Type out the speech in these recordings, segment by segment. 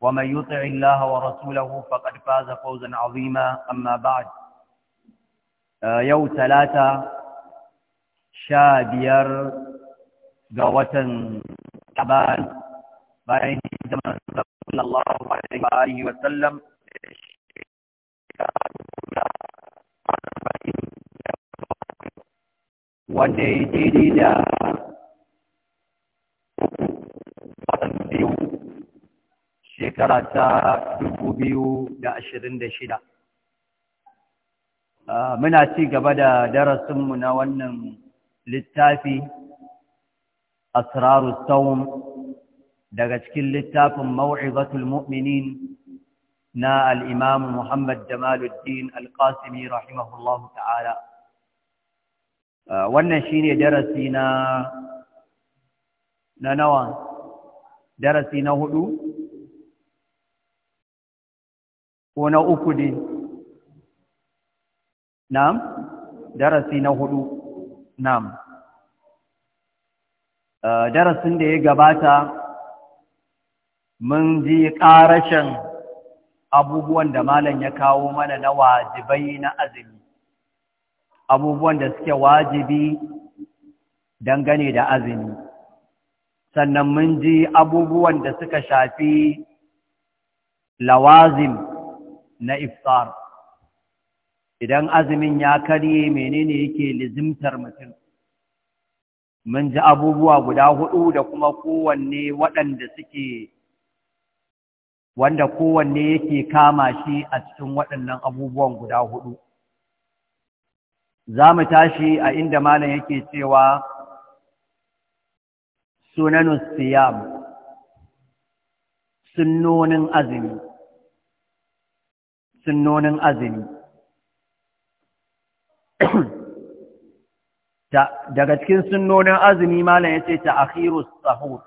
ومن يطع الله ورسوله فقد فاز فوزا عظيما أما بعد آه، يوم ثلاثة شابير قوة شعبان بعين زمن صلى الله عليه وسلم wanda ya shekara ta shida. Ah, muna ci gaba da darasinmu na wannan littafi asrarus saum daga cikin littafin mau'izatul mu'minin na al'imam Muhammad Jamaluddin Alƙasimi rahimahullahu ta'ala. Ah, wannan shi ne darasi na nawa, darasi na hudu ko na uku dai na'am darasi na hudu na'am uh, darasin da ya gabata mun ji ƙarashin abubuwan da malam ya kawo mana na wajibai na azumi abubuwan da suke wajibi dangane da azumi sannan mun ji abubuwan da suka shafi lawazim na iftar idan azumin ya karye menene yake lizimtar mutum mun ji abubuwa guda hudu da kuma kowanne waɗanda suke wanda kowanne yake kama shi a cikin waɗannan abubuwan guda hudu za mu tashi a inda malam yake cewa sunanus siyam sunnonin azumi sunnonin azumi daga cikin sunnonin azumi malam ya ce ta'khirus sahur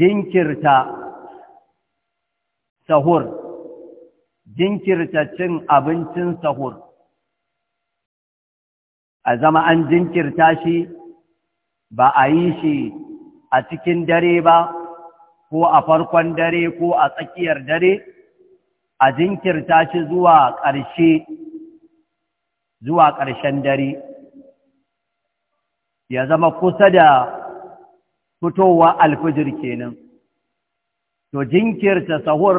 jinkirta sahur jinkirta cin abincin sahur a zama an jinkirta shi ba a yi shi a cikin dare ba ko a farkon dare ko a tsakiyar dare a jinkirta shi zuwa ƙarshe zuwa ƙarshen dare ya zama kusa da fitowa alfijir kenan to jinkirta sahur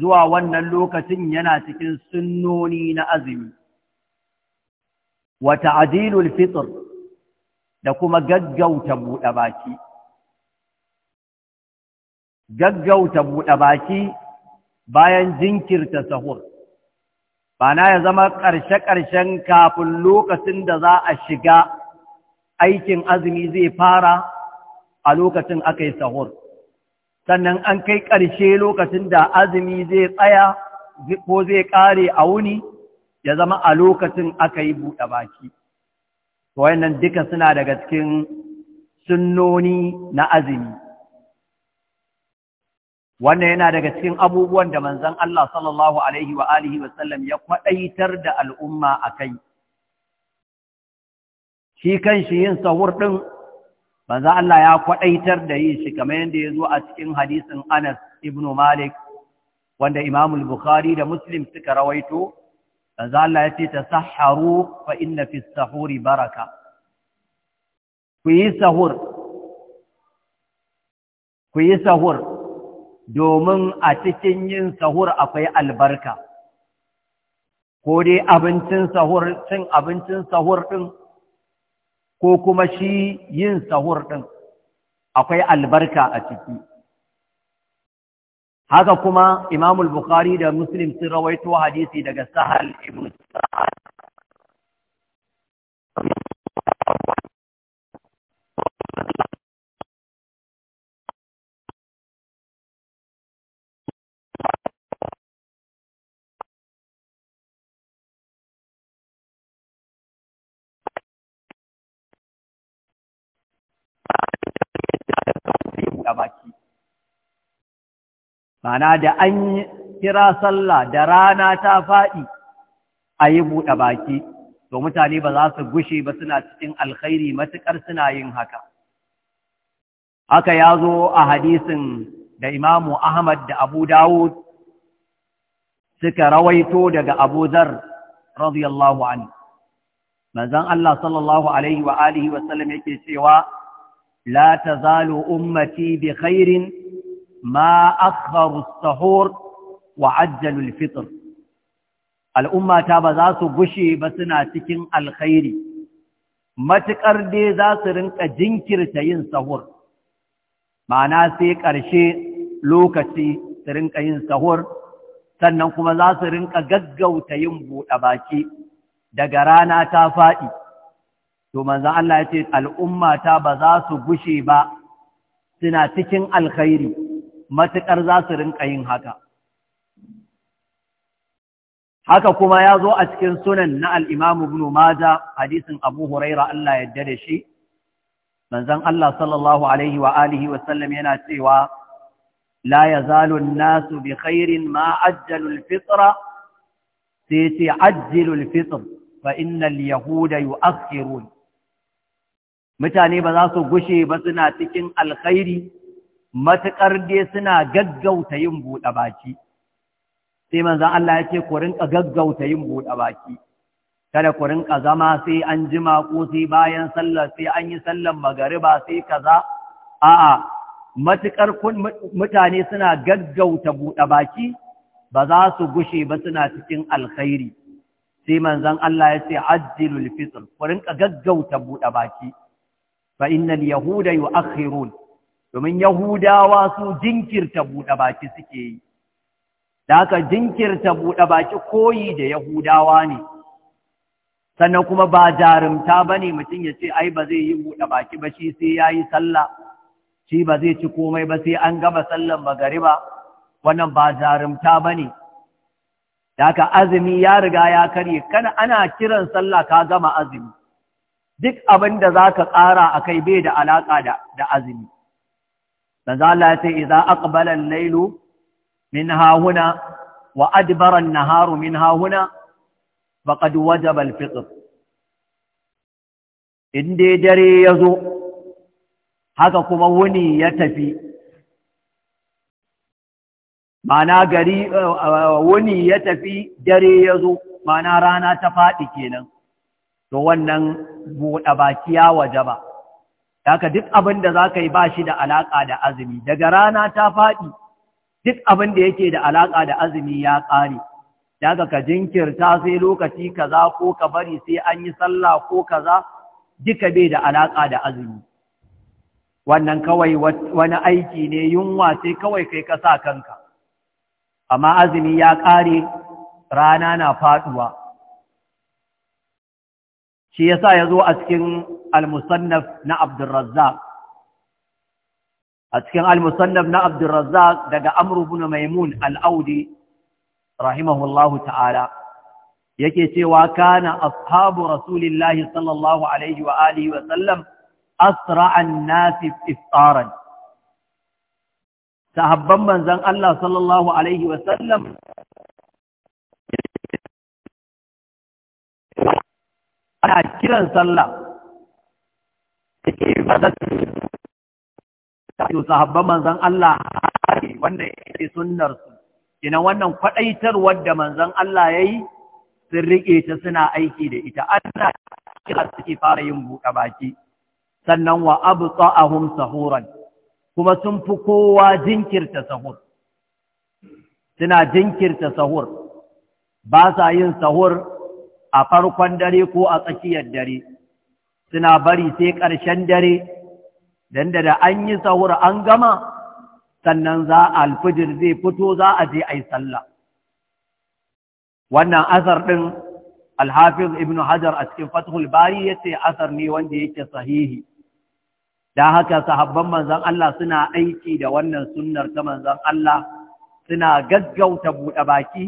zuwa wannan lokacin yana cikin sunnoni na azumi wa ta'dilul fitr da kuma gaggauta buɗe baki gaggauta buɗe baki bayan jinkirta sahur bana ya zama ƙarshe-ƙarshen kafin lokacin da za a shiga aikin azumi zai fara a lokacin aka yi sahur sannan an kai ƙarshe lokacin da azumi zai tsaya ko zai ƙare a wuni ya zama a lokacin aka yi buɗe baki wayannan duka suna daga cikin sunnoni na azumi wannan yana daga cikin abubuwan da manzon Allah sallallahu alaihi wa alihi wa sallam ya kwadaitar da al'umma akai shi kanshi yin sahur din manzon Allah ya kwadaitar da yi shi kamar yadda ya zo a cikin hadisin Anas ibn Malik wanda Imam al-Bukhari da Muslim suka rawaito manzon Allah ya ce tasahharu fa inna fi sahuri baraka ku yi sahur ku yi sahur domin a cikin yin sahur akwai albarka ko dai abincin sahur cin abincin sahur ɗin ko kuma shi yin sahur ɗin akwai albarka a ciki haka kuma imamul bukhari da muslim sun rawaito hadisi daga sahal ibn sa'ad mana da an kira sallah da rana ta faɗi a yi buɗe baki to mutane ba za su gushe ba suna cikin alkhairi matuƙar suna yin haka haka ya zo a hadisin da imamu ahmad da abu dawud suka rawaito daga abu zar radiyallahu anhu manzon Allah sallallahu alaihi wa alihi wa sallam yake cewa la tazalu ummati bi khairin ma akharu sahur wa ajjalul fitr al'ummata ta ba za su gushe ba suna cikin alkhairi matuƙar dai za su rinka jinkirta yin sahur ma'ana sai ƙarshe lokaci su rinka yin sahur sannan kuma za su rinka gaggauta yin buɗe baki daga rana ta faɗi to manzan Allah ya ce al'ummata ta ba za su gushe ba suna cikin alkhairi matuƙar za su rinƙa yin haka. Haka kuma ya zo a cikin sunan na al'imamu Ibn Maja hadisin Abu Huraira Allah yadda da shi, manzan Allah sallallahu Alaihi wa alihi wasallam yana cewa, La ya zalun nasu bi khairin ma ajjalul fitra, sai ce ajjalul fitr, fa innal Yahuda yu askirun. Mutane ba za su gushe ba suna cikin alkhairi matuƙar dai suna gaggauta yin buɗe baki sai manzan Allah ya ce ku rinka gaggauta yin buɗe baki kada ku rinka zama sai an jima ko sai bayan sallar sai an yi sallar magariba sai kaza a'a matuƙar mutane suna gaggauta buɗe baki ba za su gushe ba suna cikin alkhairi sai manzan Allah ya ce ajjilul fitr ku gaggauta buɗe baki fa inna yahuda yu'akhirun domin yahudawa su jinkirta buɗe baki suke yi da aka jinkirta buɗe baki koyi da yahudawa ne sannan kuma ba jarumta ba ne mutum ya ce ai ba zai yi buɗe baki ba shi sai ya yi sallah shi ba zai ci komai ba sai an gama sallan magariba wannan ba jarumta ba ne da aka azumi ya riga ya karye kana ana kiran sallah ka gama azumi duk abin da za ka ƙara a kai bai da alaƙa da azumi manzo Allah ya ce idza aqbala al-lailu min hahuna wa adbara an-naharu min hahuna faqad wajaba al-fitr inda dare yazo haka kuma wuni ya tafi mana gari eh, eh, wuni ya tafi dare yazo mana rana ta faɗi kenan to wannan buɗa bakiya wajaba Daka duk abin da za ka yi ba shi da alaƙa da azumi, daga rana ta faɗi, duk abin da yake da alaƙa da azumi ya ƙare. Daka ka jinkirta sai lokaci kaza ko ka bari sai an yi sallah ko kaza duka bai da alaƙa da azumi. Wannan kawai wani aiki ne yunwa sai kawai kai ka sa kanka. Amma azumi ya ƙare, rana na faɗuwa. shi yasa ya a cikin al-musannaf na abdurrazzaq a cikin al-musannaf na abdurrazzaq daga amr ibn maimun al-audi rahimahullahu ta'ala yake cewa kana ashabu rasulillahi sallallahu alaihi wa alihi wa sallam asra'an nasi iftaran sahabban manzon Allah sallallahu alaihi wa sallam ana kiran sallah take ba za su sahabban manzan Allah wanda ya yi su Ina wannan kwadaitarwar da manzon Allah ya yi? sun riƙe ta suna aiki da ita Ana kira suke fara yin buɗe baki sannan wa abu abta'ahum sahuran kuma sun fi kowa jinkirta sahur suna jinkirta sahur ba sa yin sahur a farkon dare ko a tsakiyar dare suna bari sai ƙarshen dare don da an yi sahur an gama sannan za a alfijir zai fito za a je a yi sallah wannan asar ɗin alhafiz ibn hajar a cikin fathul bari ya ce asar ne wanda yake sahihi da haka sahabban manzan Allah suna aiki da wannan sunnar ta manzan Allah suna gaggauta buɗe baki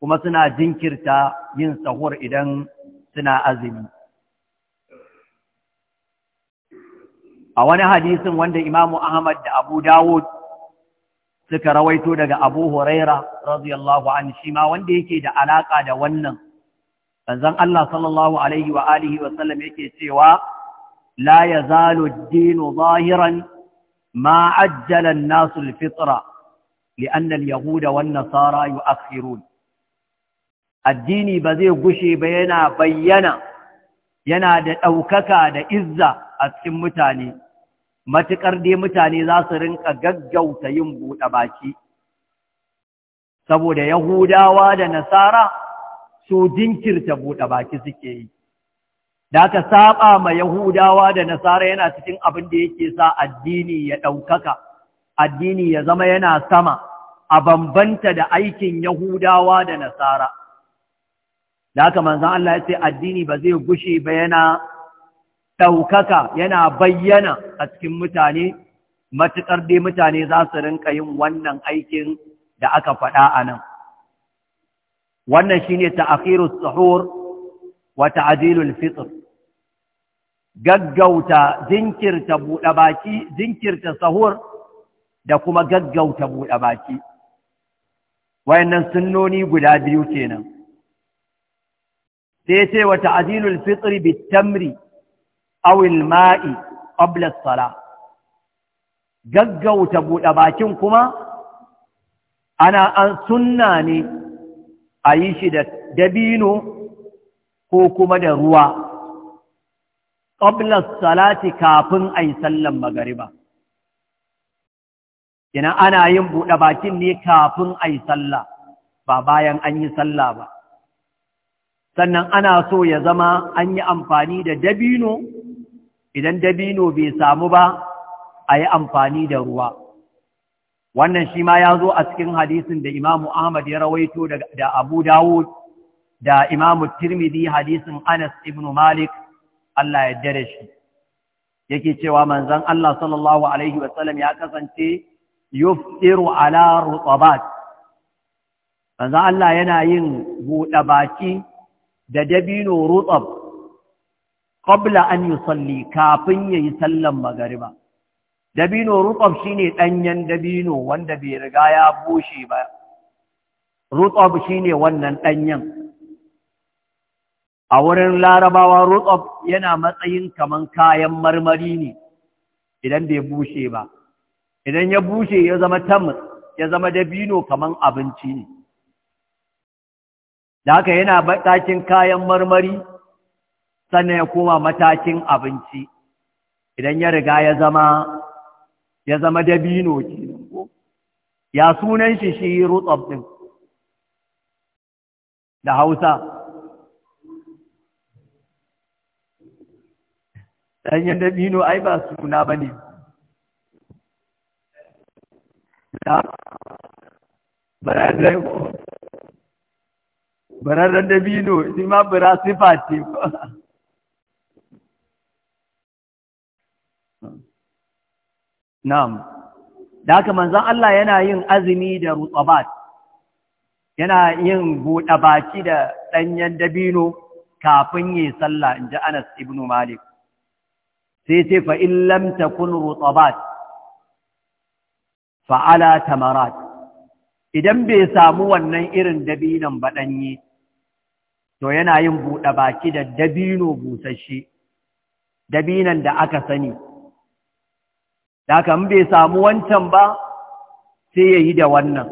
kuma suna jinkirta yin sahur idan suna azumi a wani hadisin wanda imamu ahmad da abu dawud suka rawaito daga abu huraira radiyallahu an shi ma wanda yake da alaka da wannan manzon Allah sallallahu alaihi wa alihi wa sallam yake cewa la yazalu ad-dinu zahiran ma ajjala an-nasu al-fitra li'anna al-yahuda wan-nasara yu'akhirun addini ba zai gushe ba yana bayyana yana da ɗaukaka da izza a cikin mutane matuƙar dai mutane za su rinka gaggauta yin buɗe baki saboda yahudawa da nasara su jinkirta buɗe baki suke yi da aka saba ma yahudawa da nasara yana cikin abin da yake sa addini ya ɗaukaka addini ya zama yana sama a bambanta da aikin yahudawa da nasara da haka manzan Allah ya ce addini ba zai gushe ba yana ɗaukaka yana bayyana a cikin mutane matuƙar dai mutane za su rinka yin wannan aikin da aka faɗa a nan wannan shi shine ta'khirus suhur wa ta'jilul fitr gaggauta jinkirta buɗe baki jinkirta sahur da kuma gaggauta buɗe baki wayannan sunnoni guda biyu kenan sai ce wa ta'dilul fitri bitamri aw al-ma'i qabla as gaggauta buɗe bakin kuma ana an sunna ne a yi shi da dabino ko kuma da ruwa qabla salati kafin a sallan magariba ina ana yin buɗe bakin ne kafin a yi salla ba bayan an yi salla ba sannan ana so ya zama an yi amfani da dabino idan dabino bai samu ba a yi amfani da ruwa wannan shi ma ya zo a cikin hadisin da imamu ahmad ya rawaito da abu dawud da imamu tirmidhi hadisin anas ibn malik allah ya dare shi yake cewa manzan allah sallallahu alaihi wasallam ya kasance yuftiru ala rutabat manzan allah yana yin buɗe baki da dabino rutsab qabla an yusalli kafin yayi sallan magariba dabino rutsab shine ɗanyen dabino wanda bai riga ya bushe ba rutsab shine wannan ɗanyen. a wurin larabawa rutsab yana matsayin kaman kayan marmari ne idan bai bushe ba idan ya bushe ya zama ya zama dabino kaman abinci ne da haka yana matakin kayan marmari sannan ya koma matakin abinci idan ya riga ya zama ya zama dabino kenan ko ya sunan shi shi rutsab din da Hausa ɗanyen dabino ai ba suna ba ne da ba da bararren dabino shi ma bura sifa ce na'am da haka manzon Allah yana yin azumi da rutabat yana yin buɗe baki da ɗanyen dabino kafin yi sallah ji Anas ibn Malik sai ce fa in lam takun rutabat fa ala tamarat idan bai samu wannan irin dabinan ba ɗanye to yana yin buɗe baki da dabino busasshe dabinan da aka sani da aka bai samu wancan ba sai ya yi da wannan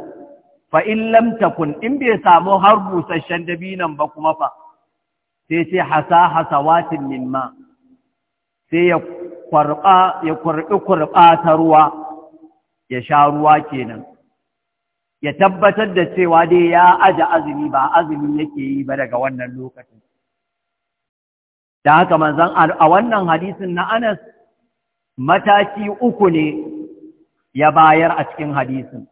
fa in lamta kun. in bai samu har busasshen dabinan ba kuma fa sai sai hasa hasa watin ma sai ya kwarɓa ruwa ya sha ruwa kenan ya tabbatar da cewa dai ya aja azumi ba azumi yake yi ba daga wannan lokacin da haka manzan a wannan hadisin na Anas mataki uku ne ya bayar a cikin hadisin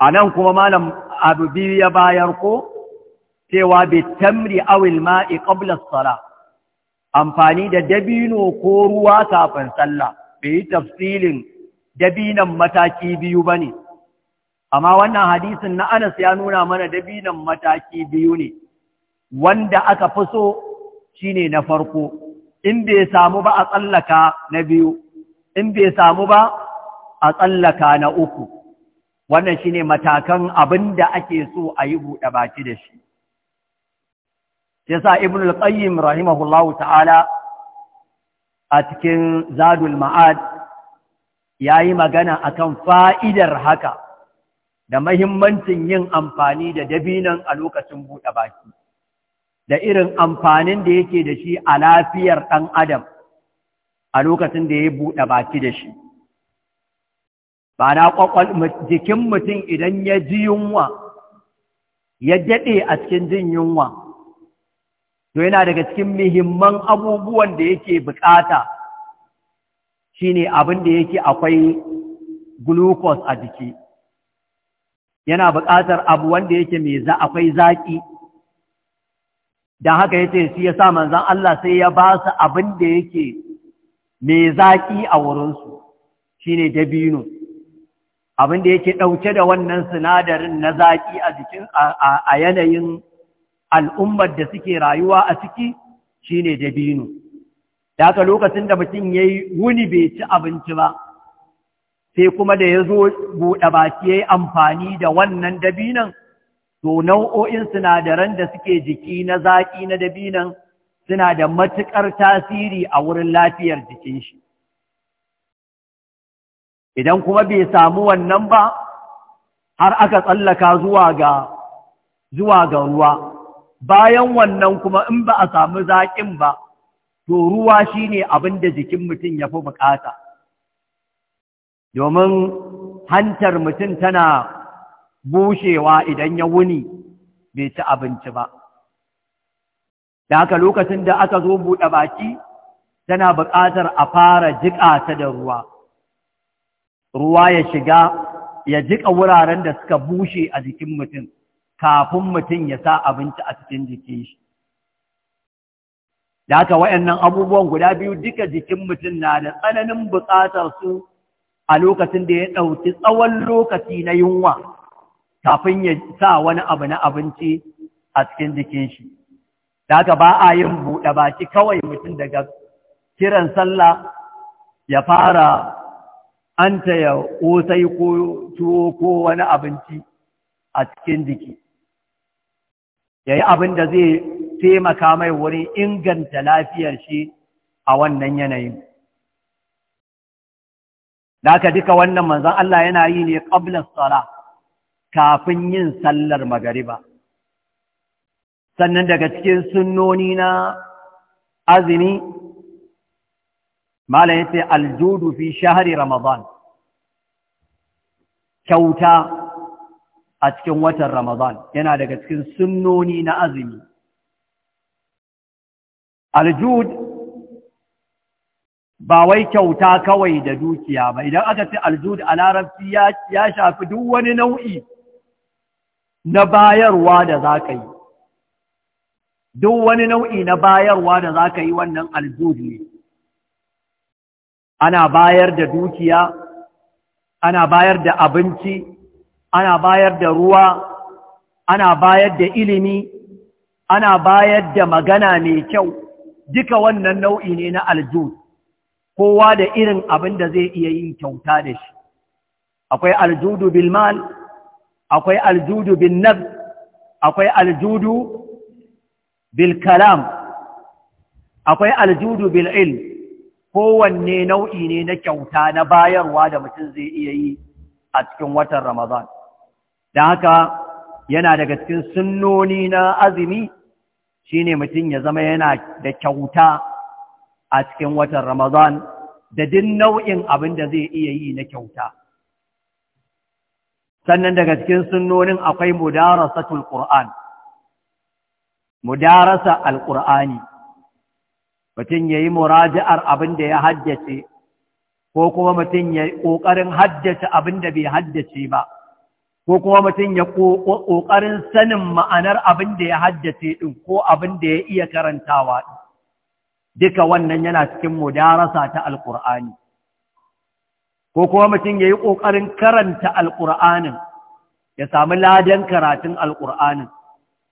a nan kuma malam abu biyu ya bayar ko cewa tamri awil ma'i qabla as tsara, amfani da dabino ko ruwa kafin sallah bai yi tafsilin dabinan mataki biyu bane amma wannan hadisin na Anas ya nuna mana dabinan mataki biyu ne wanda aka fi so shine na farko in bai samu ba a tsallaka na biyu in bai samu ba a tsallaka na uku wannan shine matakan abin da ake so a yi buɗe baki da shi yasa ibn al-qayyim rahimahullahu ta'ala a cikin zadul ma'ad yayi magana akan fa'idar haka da mahimmancin yin amfani da dabinan a lokacin buɗe baki, da irin amfanin da yake da shi a lafiyar ɗan adam a lokacin da ya buɗe baki da shi. Ba na ƙwaƙwal jikin mutum idan ya ji yunwa, ya daɗe a cikin jin yunwa, to yana daga cikin muhimman abubuwan da yake buƙata shi ne abin da yake akwai glucose a jiki. yana buƙatar abu wanda yake mai za akwai zaƙi don haka ya ce shi ya sa manzan Allah sai ya ba su abin da yake mai zaƙi a wurinsu shi ne dabino abin da yake ɗauke da wannan sinadarin na zaƙi a jikin a yanayin al'ummar da suke rayuwa a ciki shine ne dabino da haka lokacin da mutum ya wuni bai ci abinci ba sai kuma da ya zo buɗe baki ya yi amfani da wannan dabinan to nau'o'in sinadaran da suke jiki na zaƙi na dabinan suna da matuƙar tasiri a wurin lafiyar jikin shi idan kuma bai samu wannan ba har aka tsallaka zuwa ga zuwa ga ruwa bayan wannan kuma in ba a samu zaƙin ba to ruwa shine abin da jikin mutum ya fi buƙata domin hantar mutum tana bushewa idan ya wuni bai ci abinci ba da haka lokacin da aka zo buɗe baki tana buƙatar a fara jiƙa ta da ruwa ruwa ya shiga ya jiƙa wuraren da suka bushe a jikin mutum kafin mutum ya sa abinci a cikin jikin shi da haka nan abubuwan guda biyu duka jikin mutum na da tsananin buƙatar su a lokacin da ya ɗauki tsawon lokaci na yunwa kafin ya sa wani abu na abinci a cikin jikin shi. Da ba a yin buɗe baki kawai mutum daga kiran sallah ya fara an ta ya ƙosai ko tuwo ko wani abinci a cikin jiki. Ya yi abin da zai taimaka mai wurin inganta lafiyar shi a wannan yanayin. da aka duka wannan manzan Allah yana yi ne ƙablar sala kafin yin sallar magariba sannan daga cikin sunoni na azumi malam yace aljudu fi shahari ramadan kyauta a cikin watan ramadan yana daga cikin sunoni na azumi aljud ba wai kyauta kawai da dukiya ba idan aka ce aljud a larabci ya shafi duk wani nau'i na bayarwa da za ka yi duk wani nau'i na bayarwa da za ka yi wannan aljud ne ana bayar da dukiya ana bayar da abinci ana bayar da ruwa ana bayar da ilimi ana bayar da magana mai kyau duka wannan nau'i ne na aljud kowa da irin abin da zai iya yin kyauta da shi akwai aljudu bil mal akwai aljudu bil naf akwai aljudu bil kalam akwai aljudu bil ilm kowanne nau'i ne na kyauta na bayarwa da mutum zai iya yi a cikin watan ramadan da haka yana daga cikin sunnoni na azumi shine mutum ya zama yana da kyauta a cikin watan Ramadan da duk nau'in abin da zai iya yi na kyauta. Sannan daga cikin sunnonin akwai mudarasatul Qur'an. Mudarasa al-Qur'ani. Mutum yayi muraji'ar abin da ya haddace ko kuma mutum ya ƙoƙarin haddace abin da bai haddace ba. ko kuma mutum ya ƙoƙarin sanin ma'anar abin da ya haddace ɗin ko abin da ya iya karantawa ɗin. duka wannan yana cikin mudarasa ta alƙur'ani ko kuma mutum ya yi ƙoƙarin karanta alƙur'anin ya sami ladan karatun alƙur'anin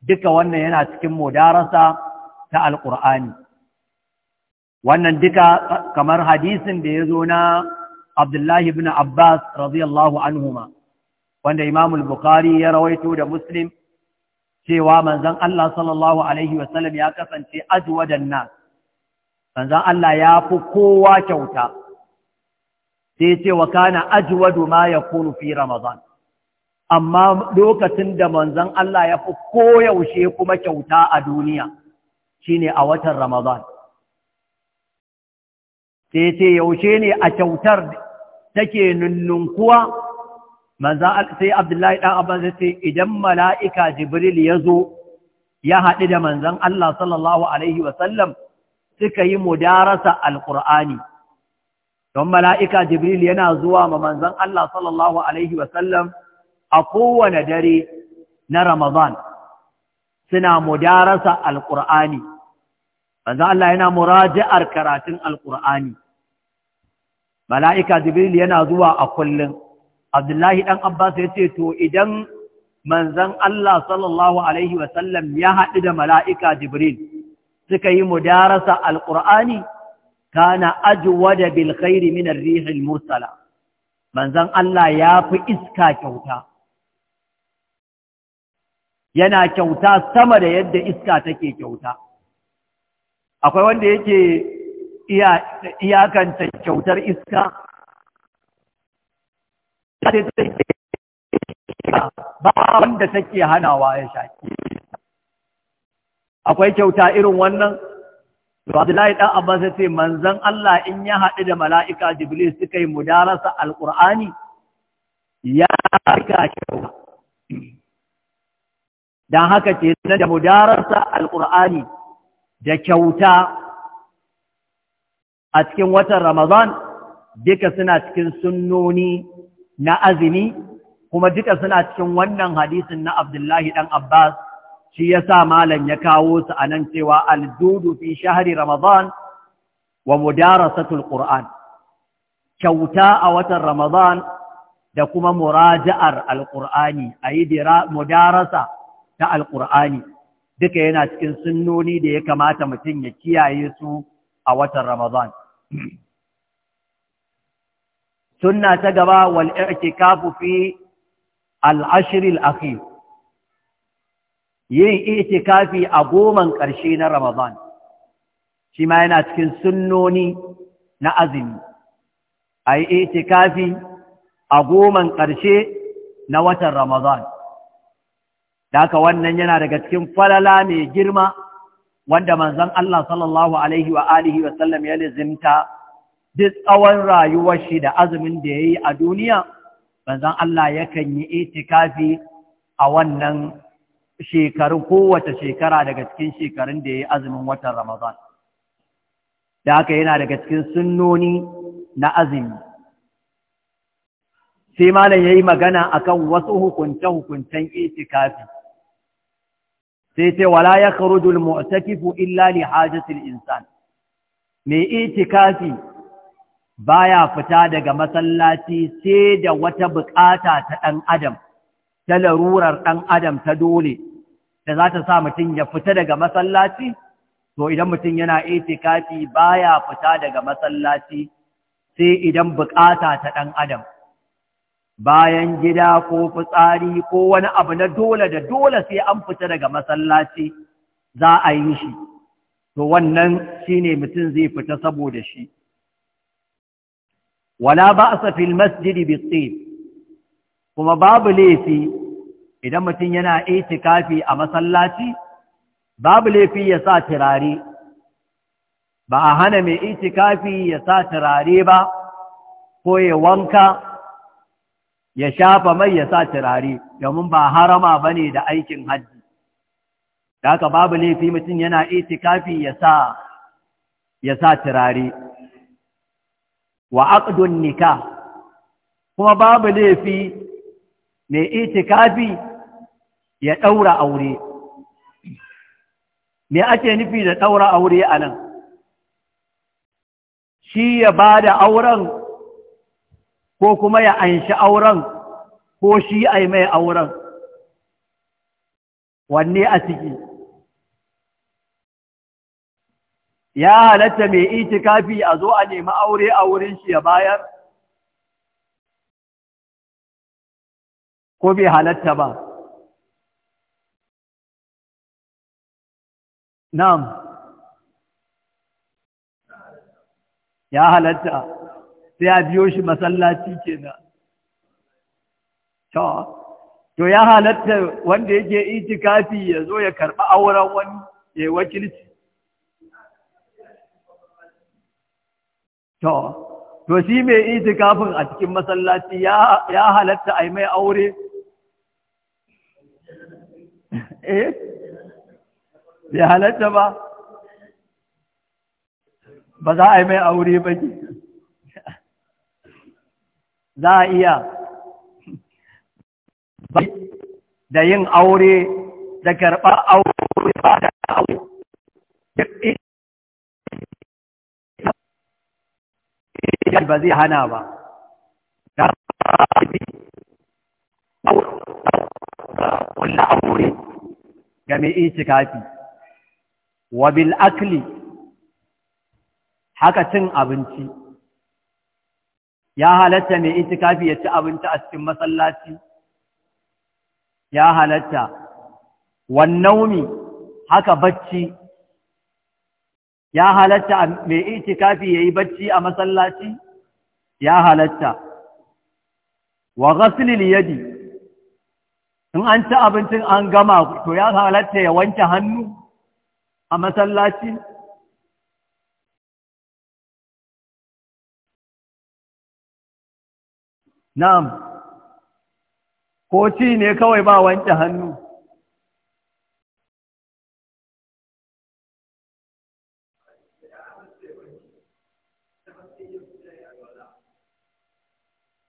duka wannan yana cikin mudarasa ta alƙur'ani wannan duka kamar hadisin da ya zo na abdullahi ibn abbas radiyallahu anhuma wanda imamul bukhari ya rawaito da muslim cewa manzon Allah sallallahu alaihi wasallam ya kasance ajwadan nas manzon Allah ya fi kowa kyauta sai ce wa kana ajwadu ma kunu fi ramadan amma lokacin da manzan Allah ya fi koyaushe kuma kyauta a duniya shine a watan ramadan sai ce yaushe ne a kyautar take nunnunkuwa manzan sai abdullahi ɗan abin zai ce idan mala'ika jibril ya zo ya haɗu da manzan Allah sallallahu Alaihi wasallam suka yi mudarasa alƙur'ani don mala'ika jibril yana zuwa ma manzan Allah sallallahu Alaihi wasallam a kowane dare na ramazan suna mudarasa alƙur'ani manzan Allah yana muraji'ar karatun alƙur'ani mala'ika jibril yana zuwa a kullum abdullahi ɗan abbas ya ce to idan manzan Allah sallallahu Alaihi wasallam ya haɗu da mala'ika jibril suka yi mudarasa alqur'ani kana ajwada bil khairi min ar-rih al-mursala manzan Allah ya fi iska kyauta yana kyauta sama da yadda iska take kyauta akwai wanda yake iyakanta kyautar iska ba wanda take hanawa ya shaki akwai kyauta irin wannan to Abdullahi dan Abbas sai manzon Allah in ya haɗu da mala'ika Jibril suka yi mudarasa alqur'ani ya ka kyauta dan haka ce da mudarasa alqur'ani da kyauta a cikin watan Ramadan duka suna cikin sunnoni na azumi kuma duka suna cikin wannan hadisin na Abdullahi dan Abbas shi ya sa malam ya kawo su a nan cewa aljudu fi shahari ramadan wa mudarasatul qur'an kyauta a watan ramadan da kuma muraja'ar alqur'ani ayi dira mudarasa ta alqur'ani duka yana cikin sunnoni da ya kamata mutum ya kiyaye su a watan ramadan sunna ta gaba wal i'tikafu fi al-ashr al-akhir yin itikafi a goman ƙarshe na Ramadan shi ma yana cikin sunnoni na azumi a yi itikafi a goman ƙarshe na watan Ramadan daka wannan yana daga cikin falala mai girma wanda manzan Allah sallallahu alaihi wa alihi wa sallam ya lizimta duk tsawon rayuwar shi da azumin da ya yi a duniya manzon Allah yakan yi itikafi a wannan shekaru kowace shekara daga cikin shekarun da ya azumin watan Ramadan. Da haka yana daga cikin sunnoni na azumi. Sai malam ya yi magana a kan wasu hukunce-hukuncen itikafi. Sai ce, wala ya karujul mu'takifu illa li hajjatul insan. Mai itikafi baya fita daga masallaci sai da wata bukata ta ɗan adam, ta larurar ɗan adam ta dole. da za ta sa mutum ya fita daga masallaci to idan mutum yana itikafi baya fita daga masallaci sai idan bukata ta ɗan adam bayan gida ko fitsari ko wani abu na dole da dole sai an fita daga masallaci za a yi shi to wannan shine mutum zai fita saboda shi wala ba a fil masjidi bi kuma babu laifi idan mutum yana itikafi a masallaci babu laifi ya sa turare ba a hana mai itikafi ya sa turare ba ko ya wanka ya shafa mai ya sa turare domin ba harama ba ne da aikin hajji da haka babu laifi mutum yana itikafi ya sa ya sa turare wa aqdun nika. kuma babu laifi mai itikafi ya ɗaura aure me ake nufi da ɗaura aure a nan shi ya ba da auren ko kuma ya anshi auren ko shi a yi mai auren wanne a ciki ya halatta mai kafi a zo a nemi aure a wurin shi ya bayar ko bai halatta ba na'am ya halatta sai ya biyo shi masallaci kenan to ya halatta wanda yake itikafi ya zo ya karɓi auren wani ya wakilci to to shi mai itikafin a cikin masallaci ya halatta a yi mai aure eh bai halatta ba ba za a yi mai aure ba za a iya da yin aure da karɓar aure ba da aure ba zai hana ba kulla aure ga mai itikafi wa bil akli haka cin abinci ya halatta mai itikafi ya ci abinci a cikin masallaci ya halatta wannaumi haka bacci ya halatta mai itikafi yayi bacci a masallaci ya halatta wa ghaslil yadi in an ci abincin an gama to ya halatta ya wanke hannu a masallaci na'am ko ci ne kawai ba wanke hannu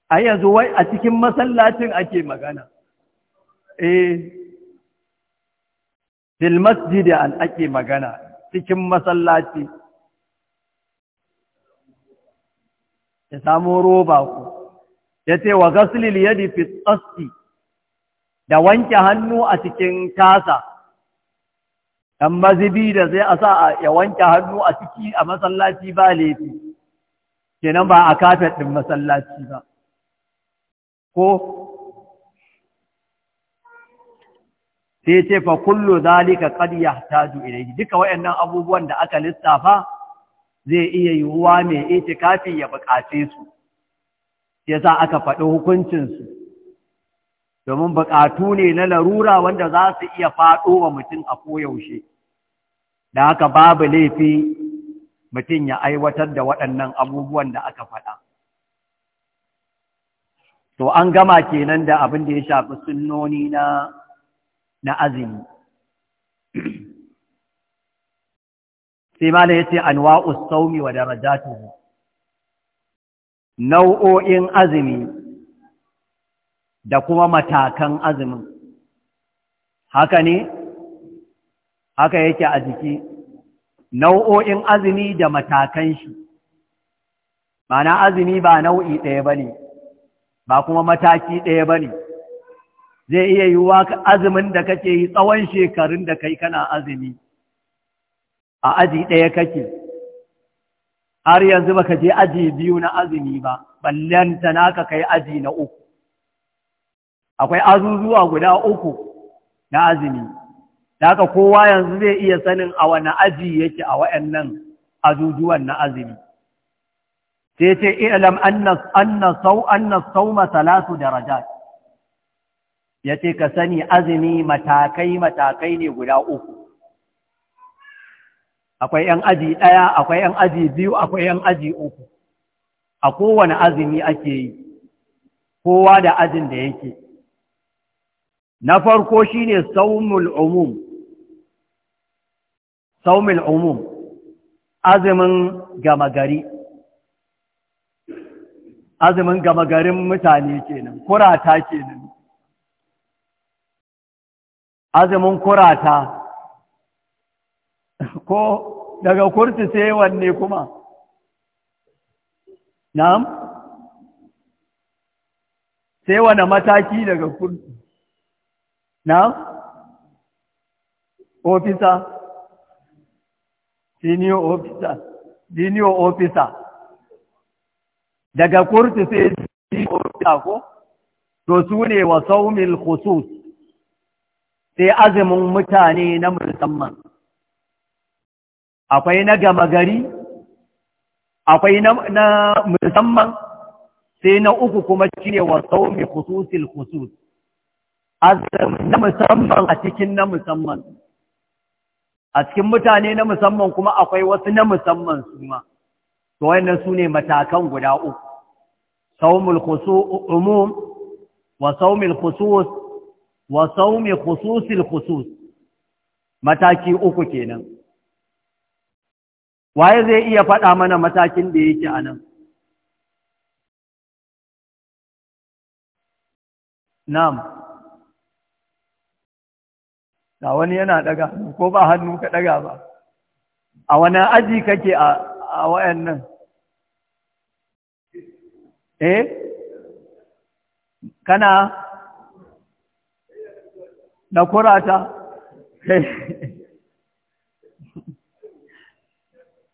a yanzu wai a cikin masallacin ake magana eh fil masjidi an ake magana cikin masallaci ya samu roba ku ya ce wa gaslil yadi fi tsasti da wanke hannu a cikin kasa, ɗan mazibi da zai a sa ya wanke hannu a ciki a masallaci ba laifi kenan ba a kafet ɗin masallaci ba ko sai ce fa kullu zalika qad yahtaju ilayhi duka wayannan abubuwan da aka lissafa zai iya yiwuwa mai itikafi ya bukace su yasa aka faɗi hukuncin su domin bukatu ne na larura wanda za su iya faɗo wa mutum a koyaushe da haka babu laifi mutum ya aiwatar da waɗannan abubuwan da aka faɗa to an gama kenan da abin da ya shafi sunnoni na na azumi sai malam yace wau sawmi wa darajatuhu nau'o'in azumi da kuma matakan azumin haka ne haka yake a jiki nau'o'in azumi da matakan shi ma'ana azumi ba nau'i ɗaya bane ba kuma mataki ɗaya bane zai iya yiwuwa azumin da kake yi tsawon shekarun da kai kana azumi a aji ɗaya kake har yanzu baka je aji biyu na azumi ba ballanta naka kai aji na uku akwai azuzuwa guda uku na azumi haka kowa yanzu zai iya sanin a wani aji yake a waɗannan azuzuwan na azumi sai ce ilam An anna sau anna da thalathu darajat ya ce ka sani azumi matakai-matakai ne guda uku akwai ‘yan aji ɗaya akwai ‘yan aji biyu akwai ‘yan aji uku a kowane azumi ake yi kowa da ajin da yake na farko shi ne saumul umum saumul umum azumin gama gari azumin gama garin mutane kenan kurata kenan azumin kurata ko daga kurti sai wanne kuma na'am sai wane mataki daga kurti na'am ofisa senior ofisa senior ofisa daga kurti sai ofisa ko to su ne wa saumil khusus sai azumin mutane na musamman akwai na gama gari akwai na musamman sai na uku kuma shine wa mai khususil khusus azumin na musamman a cikin na musamman a cikin mutane na musamman kuma akwai wasu na musamman su ma to wayannan su ne matakan guda uku sau mulkusu umum wa sau khusus wa saumi khususil khusus mataki uku kenan waye zai iya faɗa mana matakin da yake a nan Nam. Da wani yana ɗaga, ko ba hannu ka ɗaga ba. A wani aji kake a a wayannan Eh? Kana? na kurata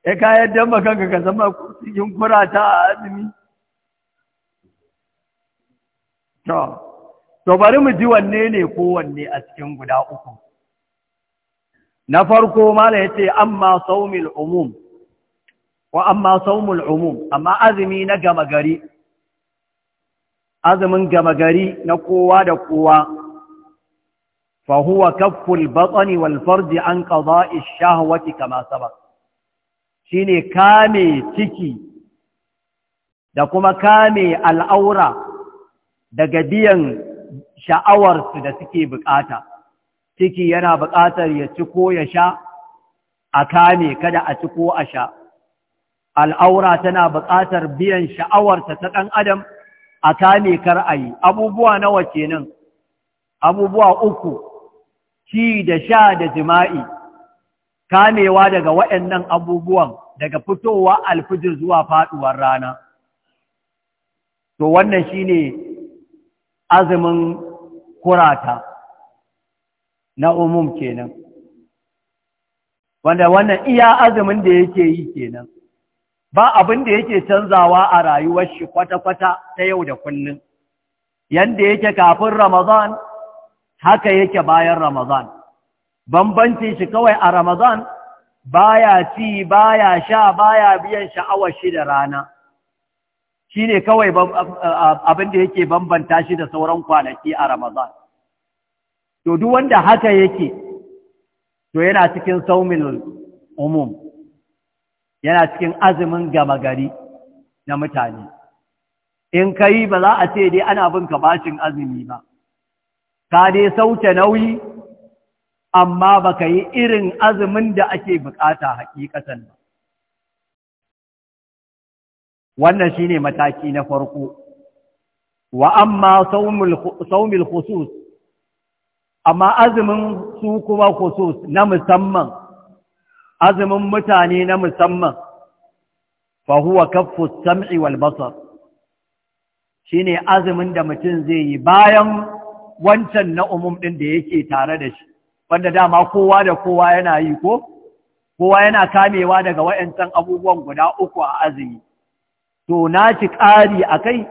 E eh, kayan dan makanka ka zama cikin kurata a azumi to bari mu ji wanne ne kowanne a cikin guda uku na farko mala yace amma saumil umum wa amma saumul umum amma azumi na gama gari azumin gama gari na kowa da kowa fa huwa kafful batni wal farji an qada'i shahwati kama sabaq shine kame ciki da kuma kame al'aura daga biyan sha'awarsu da suke bukata ciki yana bukatar ya ci ko ya sha a kame kada a ci ko a sha al'aura tana buƙatar biyan sha'awarta ta ɗan adam a kame kar a yi abubuwa nawa kenan abubuwa uku ci da sha da jima'i kamewa daga waɗannan abubuwan daga fitowa alfijir zuwa faɗuwar rana to wannan shine azumin kurata na umum kenan wanda wannan iya azumin da yake yi kenan ba abin da yake canzawa a rayuwar shi kwata-kwata ta yau da kullum yanda yake kafin Ramadan haka yake bayan ramadan Bambancin shi kawai a ramadan baya ci, baya sha, baya biyan sha'awar shi da rana. Shi ne kawai abinda da yake bambanta shi da sauran kwanaki a ramadan To, duk wanda haka yake, to yana cikin saumin umum, yana cikin azumin gama gari na mutane. In ka yi ba za a ce dai ana bin ka azumi ba. ka dai sauke nauyi amma baka yi irin azumin da ake bukata hakikatan ba wannan shi ne mataki na farko wa amma saumil khusus amma azumin su kuma khusus na musamman azumin mutane na musamman fa huwa kaffu sam'i wal basar shine azumin da mutum zai yi bayan wancan na umum ɗin da yake tare da shi wanda dama kowa da kowa yana yi ko kowa yana kamewa daga wayancan abubuwan guda uku a azumi to na ci ƙari a kai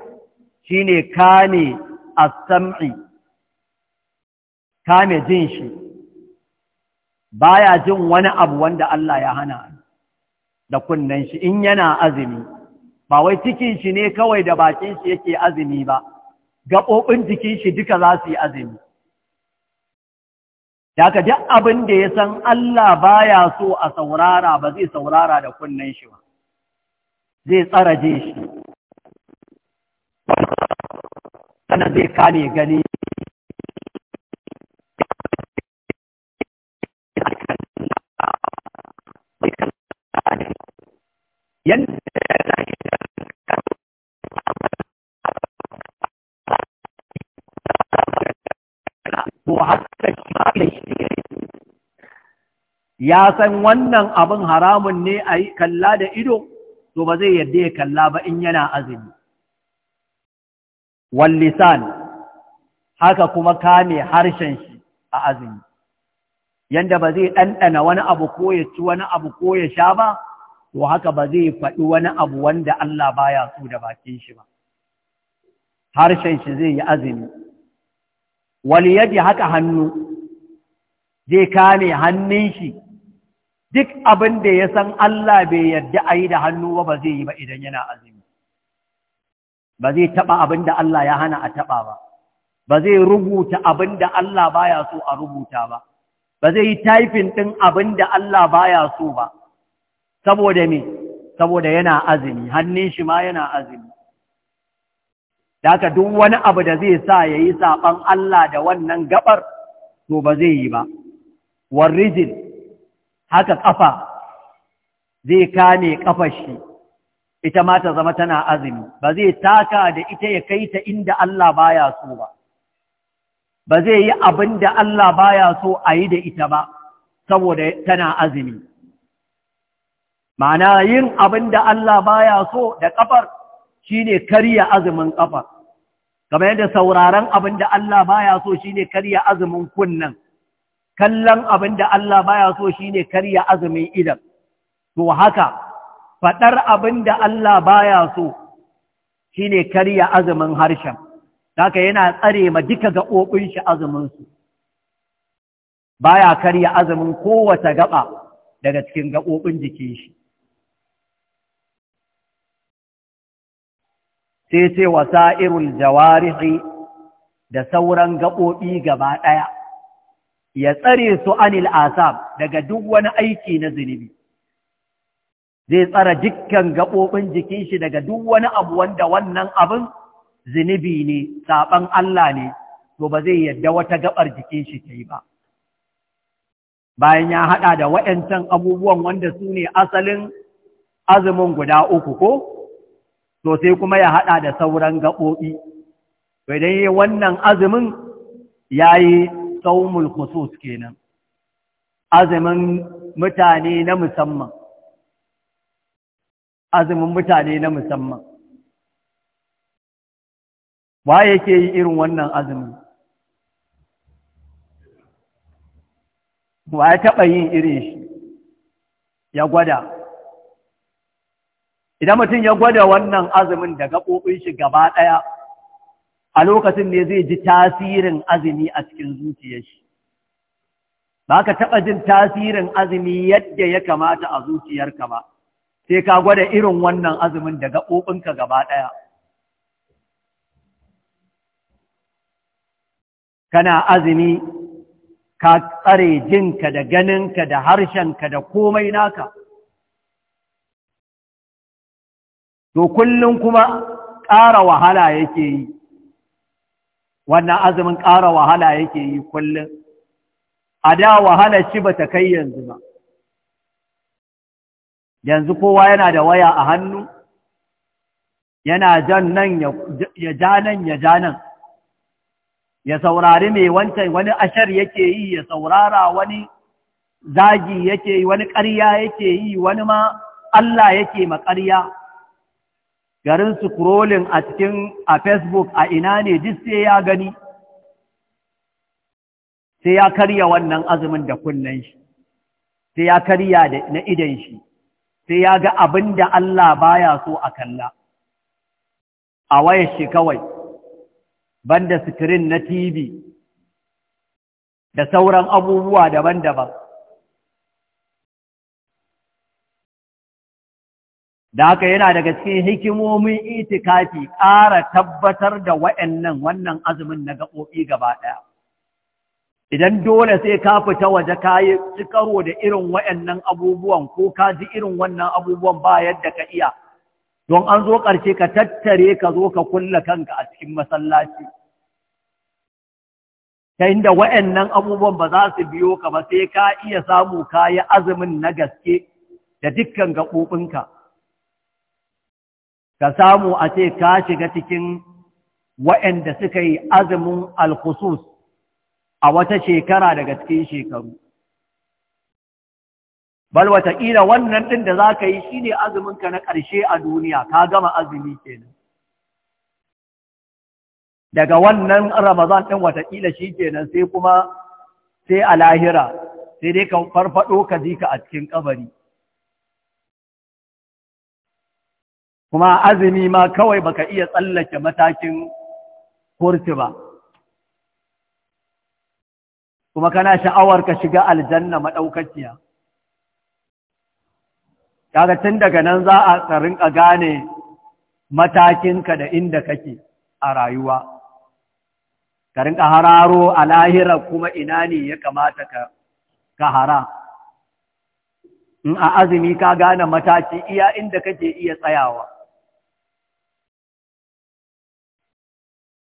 shi ne kame a sam'i kame jin shi baya jin wani abu wanda Allah ya hana da kunnen shi in yana azumi ba wai cikin shi ne kawai da bakin shi yake azumi ba gaɓoɓin jikin shi duka za su yi azumi Daga duk abin da ya san Allah baya so a saurara ba zai saurara da kunnen shi ba, zai tsara je shi, sannan zai kame gani. Yanda ya san wannan abin haramun ne a yi kalla da ido to ba zai yadda ya kalla ba in yana azumi wallisan haka kuma kame harshen shi a azumi yanda ba zai ɗanɗana wani abu ko ya ci wani abu ko ya sha ba to haka ba zai faɗi wani abu wanda Allah baya so da bakin shi ba harshen shi zai yi azumi Wali yadi haka hannu zai kame hannun shi duk abin da ya san Allah bai yarda a yi da hannu ba ba zai yi ba idan yana azumi ba zai taɓa abin da Allah ya hana a taɓa ba ba zai rubuta abin da Allah baya so a rubuta ba ba zai yi taifin ɗin abin da Allah baya so ba saboda me saboda yana azumi hannun shi ma yana azumi da haka duk wani abu da zai sa ya yi saɓan Allah da wannan gaɓar, to ba zai yi ba warrijin haka ƙafa zai kame ƙafar shi ita ma ta zama tana azumi ba zai taka da ita ya kai ta inda Allah baya so ba ba zai yi abin da Allah baya so a yi da ita ba saboda tana azumi ma'ana yin abin da Allah baya so da ƙafar shine karya azumin ƙafar kamar yadda sauraron abin da Allah baya so shine karya azumin kunnen kallon abin da Allah baya so shine karya azumin idan to haka faɗar abin da Allah baya so shine karya azumin harshen haka yana tsare ma duka gaɓoɓin shi azuminsu, su baya karya azumin kowace gaɓa daga cikin gaɓoɓin jikin shi sai wasa irin jawarihi da sauran gaɓoɓi gaba ɗaya ya tsare su anil asab daga duk wani aiki na zunubi zai tsara dukkan gaɓoɓin jikin shi daga duk wani abu wanda wannan abin zunubi ne saɓan Allah ne to ba zai yadda wata gaɓar jikin shi ta yi ba bayan ya haɗa da waɗancan abubuwan wanda su ne asalin azumin guda uku ko to sai kuma ya haɗa da sauran gaɓoɓi idan yi wannan azumin ya yi saumul khusus kenan azumin mutane na musamman azumin mutane na musamman wa yake yi irin wannan azumin wa ya taɓa yin irin shi ya gwada idan mutum ya gwada wannan azumin da gaɓoɓin shi gaba ɗaya a lokacin ne zai ji tasirin azumi a cikin zuciyar shi ba ka taɓa jin tasirin azumi yadda ya kamata a zuciyarka ba sai ka gwada irin wannan azumin da gaɓoɓinka gaba ɗaya kana azumi ka tsare jinka da ganinka da harshenka da komai naka to kullum kuma ƙara wahala yake yi wannan azumin ƙara wahala yake yi kullum a da wahala shi ba ta kai yanzu ba yanzu kowa yana da waya a hannu yana jan nan ya ja nan ya ja nan ya saurari mai wancan wani ashar yake yi ya saurara wani zagi yake yi wani ƙarya yake yi wani ma Allah yake ma ƙarya garin scrolling a cikin a facebook a ina ne duk sai ya gani sai ya karya wannan azumin da kunnen shi sai ya karya na idan shi sai ya ga abin Allah baya so a kalla a wayar shi kawai banda sikirin na TV da sauran abubuwa daban-daban da haka yana daga cikin hikimomin itikafi ƙara tabbatar da wa'annan wannan azumin na gaɓoɓi gaba ɗaya idan dole sai ka fita waje ka yi cikaro da irin wa'annan abubuwan ko ka ji irin wannan abubuwan ba yadda ka iya don an zo ƙarshe ka tattare ka zo ka kulle kanka a cikin masallaci ta inda wa'annan abubuwan ba za su biyo ka ba sai ka iya samu ka yi azumin na gaske da dukkan gaɓoɓinka ka samu a ce ka shiga cikin waɗanda suka yi azumin alkhusus a wata shekara daga cikin shekaru bal wataƙila wannan ɗin da za ka yi shi ne azuminka na ƙarshe a duniya ka gama azumi kenan daga wannan ramazan ɗin wataƙila shi kenan sai kuma sai a lahira sai dai ka farfaɗo ka ji ka a cikin ƙabari kuma azumi ma kawai baka iya tsallake matakin kurti ba kuma kana sha'awar ka shiga aljanna maɗaukaciya. kaga tun daga nan za a tsarin ka gane matakinka da inda kake a rayuwa ka rinka hararo a lahira kuma ina ne ya kamata ka hara in a azumi ka gane mataki iya inda kake iya tsayawa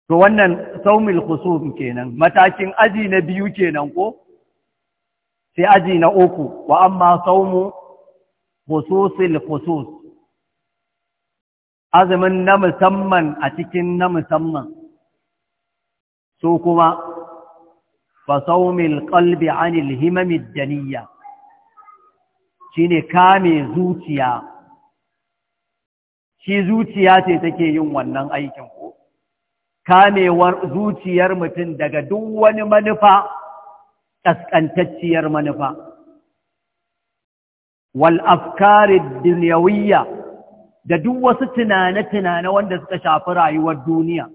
to wannan saumil khusum kenan matakin aji na biyu kenan ko sai aji na uku wa amma saumu khususil khusus azumin na musamman a cikin na musamman su kuma fa saumil qalbi anil himamid daniya shine kame zuciya shi zuciya ce take yin wannan aikin kamewar zuciyar mutum daga duk wani manufa ƙasƙantacciyar manufa wal afkari duniyawiyya, da duk wasu tunane-tunane wanda suka shafi rayuwar duniya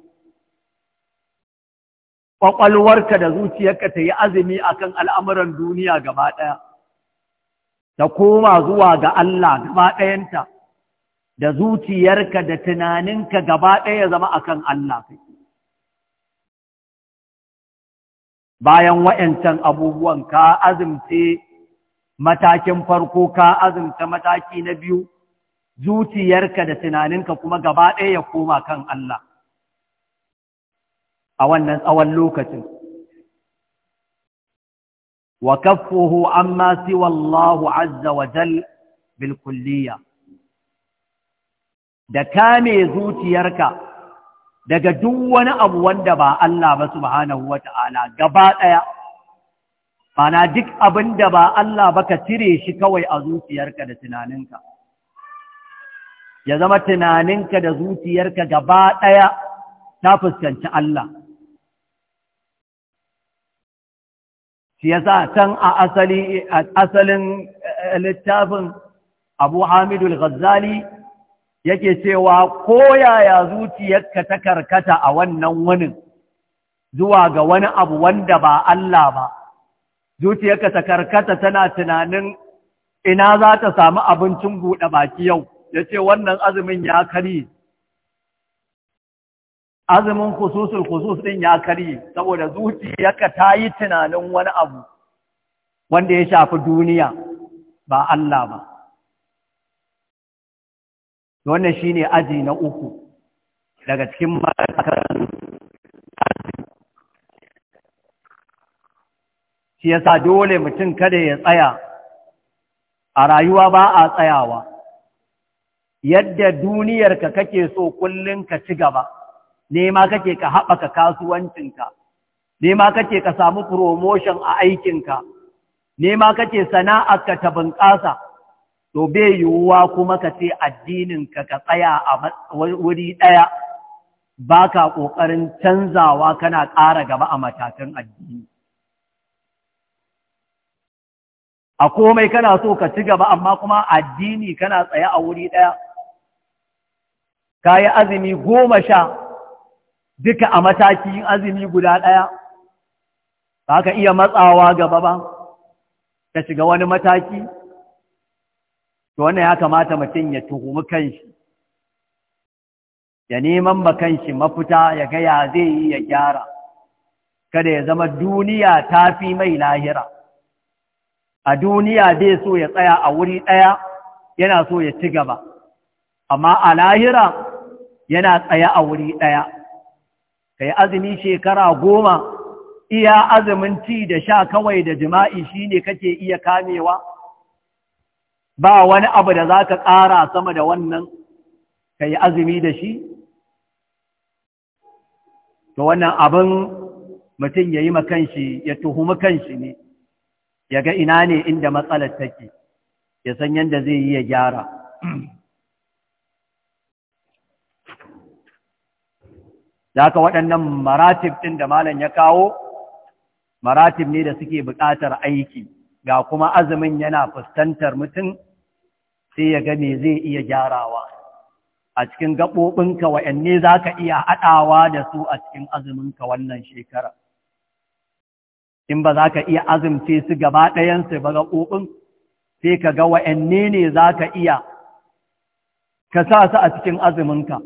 ƙwaƙwalwarka da zuciyarka ta yi azumi akan al'amuran duniya gaba ɗaya ta koma zuwa ga Allah gaba ɗayanta da zuciyarka da tunaninka gaba ɗaya zama akan Allah kai bayan wa'yancan abubuwan ka azumce matakin farko ka azumta mataki na biyu zuciyarka da tunaninka kuma gaba ɗaya ya koma kan Allah a wannan tsawon lokacin wa kaffuhu amma siwa Allahu azza wa jal bilkulliya, da kame zuciyarka daga duk wani abu wanda ba Allah ba subhanahu wata'ala gaba ɗaya bana duk abin da ba Allah ba ka cire shi kawai a zuciyarka da tunaninka ya zama tunaninka da zuciyarka gaba ɗaya ta fuskanci Allah shi yasa can a asalin eh, littafin Abu Hamidul yake cewa ko yaya zuciyarka ta karkata a wannan wani zuwa ga wani abu wanda ba Allah ba zuciyarka ta karkata tana tunanin ina za ta samu abincin buɗe baki yau ya ce wannan azumin ya karye azumin khususul khusus din ya karye saboda zuciyarka ta yi tunanin wani abu wanda ya shafi duniya ba Allah ba wannan shine aji na uku daga cikin aji shi yasa dole mutum kada ya tsaya a rayuwa ba a tsayawa yadda duniyarka kake so kullum ka ci gaba nema kake ka haɓaka kasuwancinka nema kake ka samu promotion a aikinka nema kake sana'arka ta bunƙasa to bai yiwuwa kuma ka ce addininka ka tsaya a wuri ɗaya ba ka ƙoƙarin canzawa kana ƙara gaba a matakan addini a komai kana so ka ci gaba amma kuma addini kana tsaye a wuri ɗaya ka yi azumi goma sha duka a mataki azumi guda ɗaya ba ka iya matsawa gaba ba ka shiga wani mataki to wannan ya kamata mutum ya tuhumi kanshi ya neman ma kanshi mafita ya ga ya zai yi ya gyara kada ya zama duniya ta fi mai lahira a duniya zai so ya tsaya a wuri ɗaya yana so ya ci gaba amma a lahira yana tsaya a wuri ɗaya ka yi azumi shekara goma iya azumin ci da sha kawai da jima'i shine kake iya kamewa ba wani abu da za ka ƙara sama da wannan ka yi azumi da shi to wannan abin mutum ya yi makanshi ya tuhumi kanshi ne ya ga ina ne inda matsalar take ya san yadda zai yi ya gyara da aka waɗannan maratib ɗin da malam ya kawo maratib ne da suke buƙatar aiki ga kuma azumin yana fuskantar mutum sai ya gane zai iya gyarawa a cikin gaɓoɓinka wa'yanne za ka iya haɗawa da su a cikin azuminka wannan shekara in ba za ka iya azumce su gaba ɗayansu ba gaɓoɓin sai ka ga wa'yanne ne za ka iya ka sa su a cikin azuminka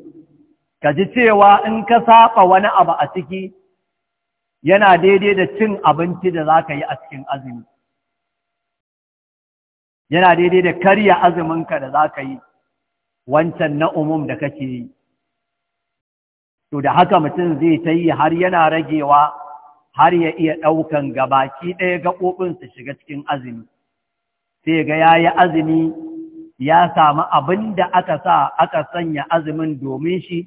ka ji cewa in ka saba wani abu a ciki yana daidai da cin abinci da za ka yi a cikin azumi yana daidai da karya azuminka da za ka yi wancan na umum da kake yi to da haka mutum zai ta yi har yana ragewa har ya iya ɗaukan gabaki ɗaya gaɓoɓin su shiga cikin azumi sai ga ya yi azumi ya samu abin da aka sa aka sanya azumin domin shi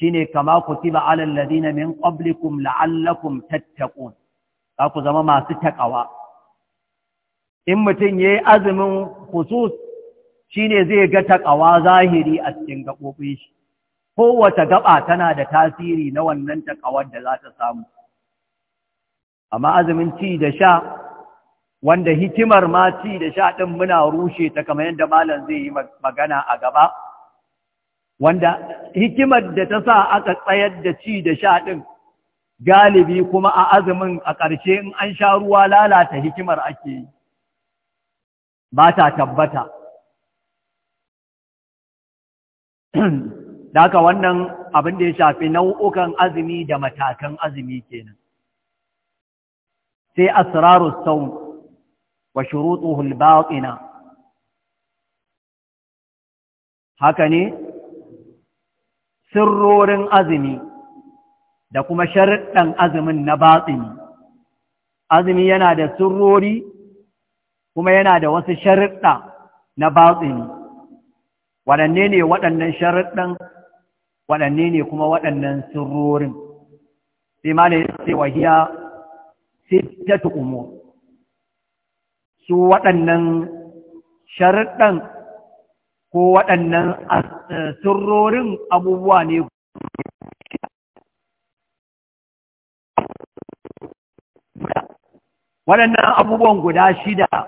shine kama ku tiba alal ladina min qablikum la'allakum tattaqun za ku zama masu takawa in mutum ya yi azumin husus shi ne zai ga taƙawa zahiri a cikin gaɓoɓin shi kowace gaɓa tana da tasiri na wannan taƙawar da za ta samu amma azumin ci da sha wanda hikimar ma ci da sha ɗin muna rushe ta kamar yadda malam zai yi magana a gaba wanda hikimar da ta sa aka tsayar da ci da sha ɗin galibi kuma a azumin a ƙarshe in an sha ruwa lalata hikimar ake yi ba ta tabbata daka wannan abin da ya shafi nau'ukan azumi da matakan azumi kenan sai asrarus sau wa shuruɗu batina haka ne sirrorin azumi da kuma sharɗan azumin na batini azumi yana da sirrori kuma yana da wasu sharuɗa na batsini waɗanne ne waɗannan sharuɗan waɗanne ne kuma waɗannan sirrorin sai ma ne sai wahiya ta umur su waɗannan sharuɗan ko waɗannan eh, sirrorin abubuwa ne waɗannan abubuwan guda shida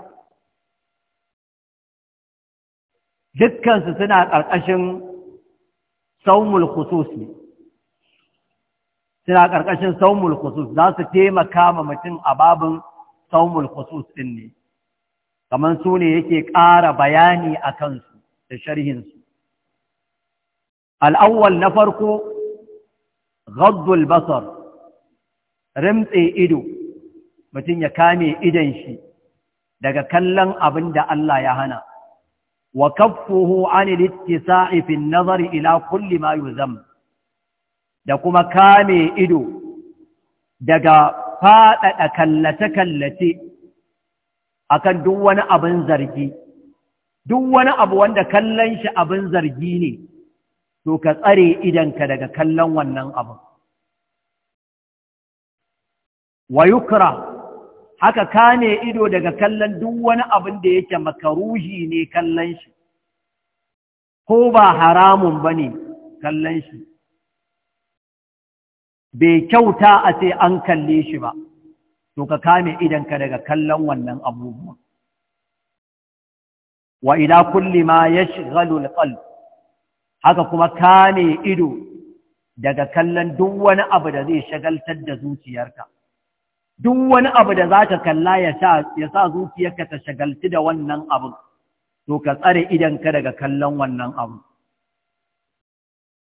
dukkansu suna ƙarƙashin saumul khusus ne suna ƙarƙashin saumul khusus za su taimaka ma mutum a babin saumul khusus ɗin ne kamar su ne yake ƙara bayani a kansu da sharhinsu al'awwal na farko ghaddul basar rimtse ido mutum ya kame idon shi daga kallon abin da Allah ya hana wa kaffuhu an littisa'i fi ila kulli ma yuzam da kuma kame ido daga faɗaɗa kallace-kallace akan duk wani abin zargi duk wani abu wanda kallon shi abin zargi ne to ka tsare idonka daga kallon wannan abu wa yukra haka kame ido daga kallon duk wani abin da yake makaruhi ne kallon shi ko ba haramun ba ne kallon shi bai kyauta a sai an kalle shi ba to ka kame idanka daga kallon wannan abubuwan wa ila kulli ma yashghalu al haka kuma kame ido daga kallon duk wani abu da zai shagaltar da zuciyarka duk wani abu da za ka kalla ya sa zuciyarka ta shagalci da wannan abu, to ka tsare idanka daga kallon wannan abu.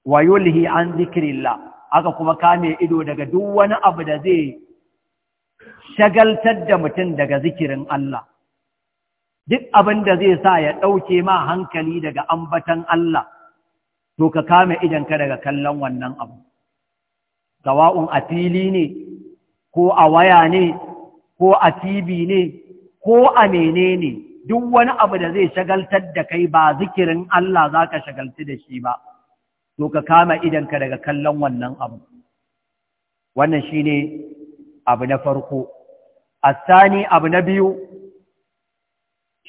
Wayolhi an La, aka kuma kame ido daga duk wani abu da zai shagaltar da mutum daga zikirin Allah. Duk abin da zai sa ya ɗauke ma hankali daga ambatan Allah, to ka kame idanka daga kallon wannan abu. gawa'un a fili ne, ko a waya ne ko a TV ne ko a menene duk wani abu da zai shagaltar da kai ba zikirin Allah za ka shagaltu da shi ba to ka kama idanka daga kallon wannan abu wannan shine abu na farko asani abu na biyu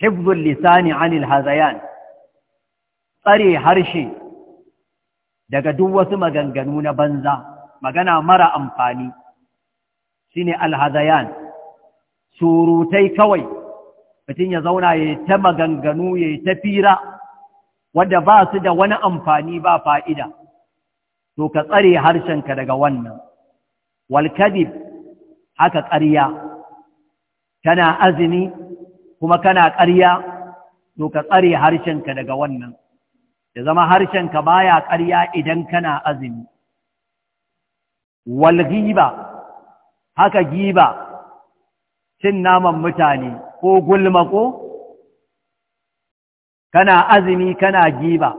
hifzul lisani anil hazayan tsare harshe daga duk wasu maganganu na banza magana mara amfani shine alhadayan surutai kawai mutum ya zauna ya ta maganganu ya ta fira wanda ba su da wani amfani ba fa'ida to ka tsare harshenka daga wannan walkadib haka ƙarya kana azumi kuma kana ƙarya to ka tsare harshenka daga wannan ya zama harshenka baya ƙarya idan kana azumi walghiba haka giba cin naman mutane ko gulma ko kana azumi kana giba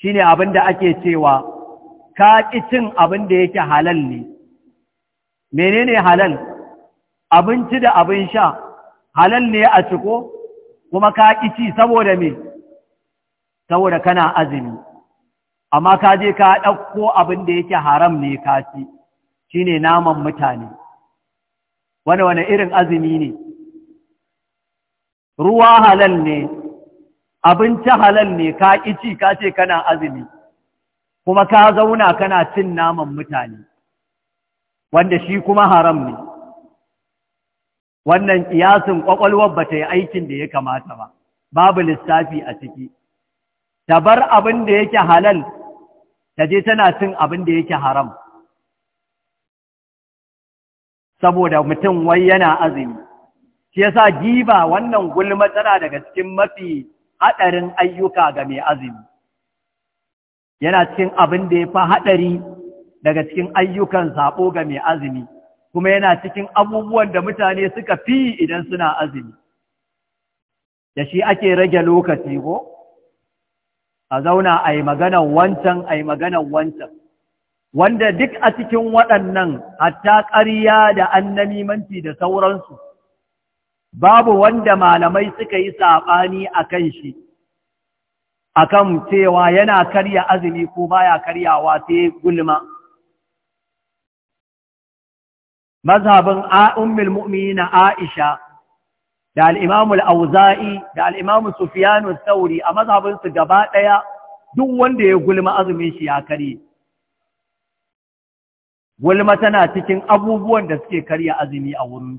shine abin da ake cewa ka ƙi cin abin da yake halal ne menene halal abinci da abin sha halal ne a ciko kuma ka ƙi ci saboda me saboda kana azumi amma ka je ka ɗauko abin da yake haram ne ka ci Shi ne naman mutane wani wani irin azumi ne ruwa halal ne abinci halal ne ka ci ka ce kana azumi kuma ka zauna kana cin naman mutane wanda shi kuma haram ne wannan iyasin kwakwalwar ba ta yi aikin da ya kamata ba babu lissafi a ciki ta bar abin da yake halal ta je tana cin abin da yake haram saboda mutum wai yana azumi shi yasa giba wannan gulma tana daga cikin mafi haɗarin ayyuka ga mai azumi yana cikin abin da ya fi haɗari daga cikin ayyukan saɓo ga mai azumi kuma yana cikin abubuwan da mutane suka fi idan suna azumi da shi ake rage lokaci ko a zauna a yi maganar wancan a yi maganar wancan wanda duk a cikin waɗannan hatta ƙarya da annamimanci da sauransu babu wanda malamai suka yi saɓani a kan shi a kan cewa yana karya azumi ko baya karyawa sai gulma mazhabin ummul na aisha da al'imamul auza'i da al’imamul sufiyanu sauri a mazhabinsu gaba ɗaya duk wanda ya gulma azumin shi ya karye gulma tana cikin abubuwan da suke karya azumi a wurin